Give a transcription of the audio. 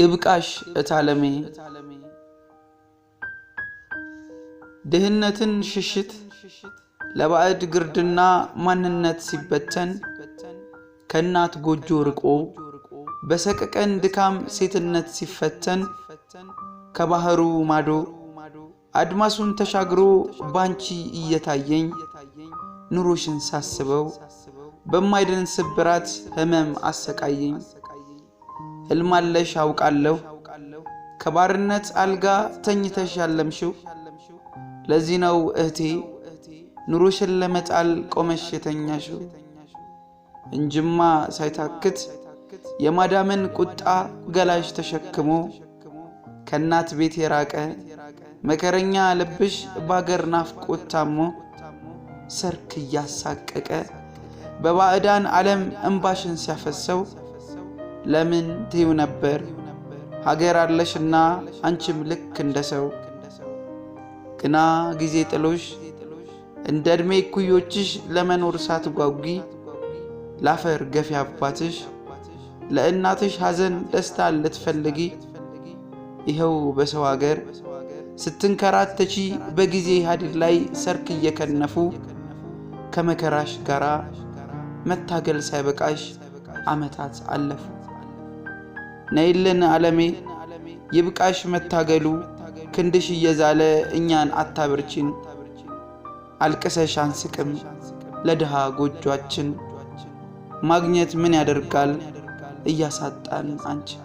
ይብቃሽ እታለሜ ድህነትን ሽሽት ለባዕድ ግርድና ማንነት ሲበተን ከእናት ጎጆ ርቆ በሰቀቀን ድካም ሴትነት ሲፈተን ከባህሩ ማዶ አድማሱን ተሻግሮ ባንቺ እየታየኝ ኑሮሽን ሳስበው በማይደን ስብራት ህመም አሰቃየኝ። እልማለሽ አውቃለሁ ከባርነት አልጋ ተኝተሽ ያለምሽው። ለዚህ ነው እህቴ ኑሮሽን ለመጣል ቆመሽ የተኛሽው። እንጅማ ሳይታክት የማዳምን ቁጣ ገላሽ ተሸክሞ ከእናት ቤት የራቀ መከረኛ ልብሽ ባገር ናፍቆት ታሞ ሰርክ እያሳቀቀ በባዕዳን ዓለም እምባሽን ሲያፈሰው ለምን ትዩ ነበር ሀገር አለሽና አንቺም ልክ እንደ ሰው ግና ጊዜ ጥሎሽ እንደ ዕድሜ እኩዮችሽ ለመኖር ሳትጓጉ ላፈር ገፊ አባትሽ ለእናትሽ ሐዘን ደስታ ልትፈልጊ ይኸው በሰው አገር ስትንከራተቺ በጊዜ ሀዲድ ላይ ሰርክ እየከነፉ ከመከራሽ ጋራ መታገል ሳይበቃሽ ዓመታት አለፉ። ነይልን ዓለሜ ይብቃሽ መታገሉ ክንድሽ እየዛለ እኛን አታብርችን አልቅሰሽ አንስቅም ለድሃ ጎጇችን ማግኘት ምን ያደርጋል እያሳጣን አንቺ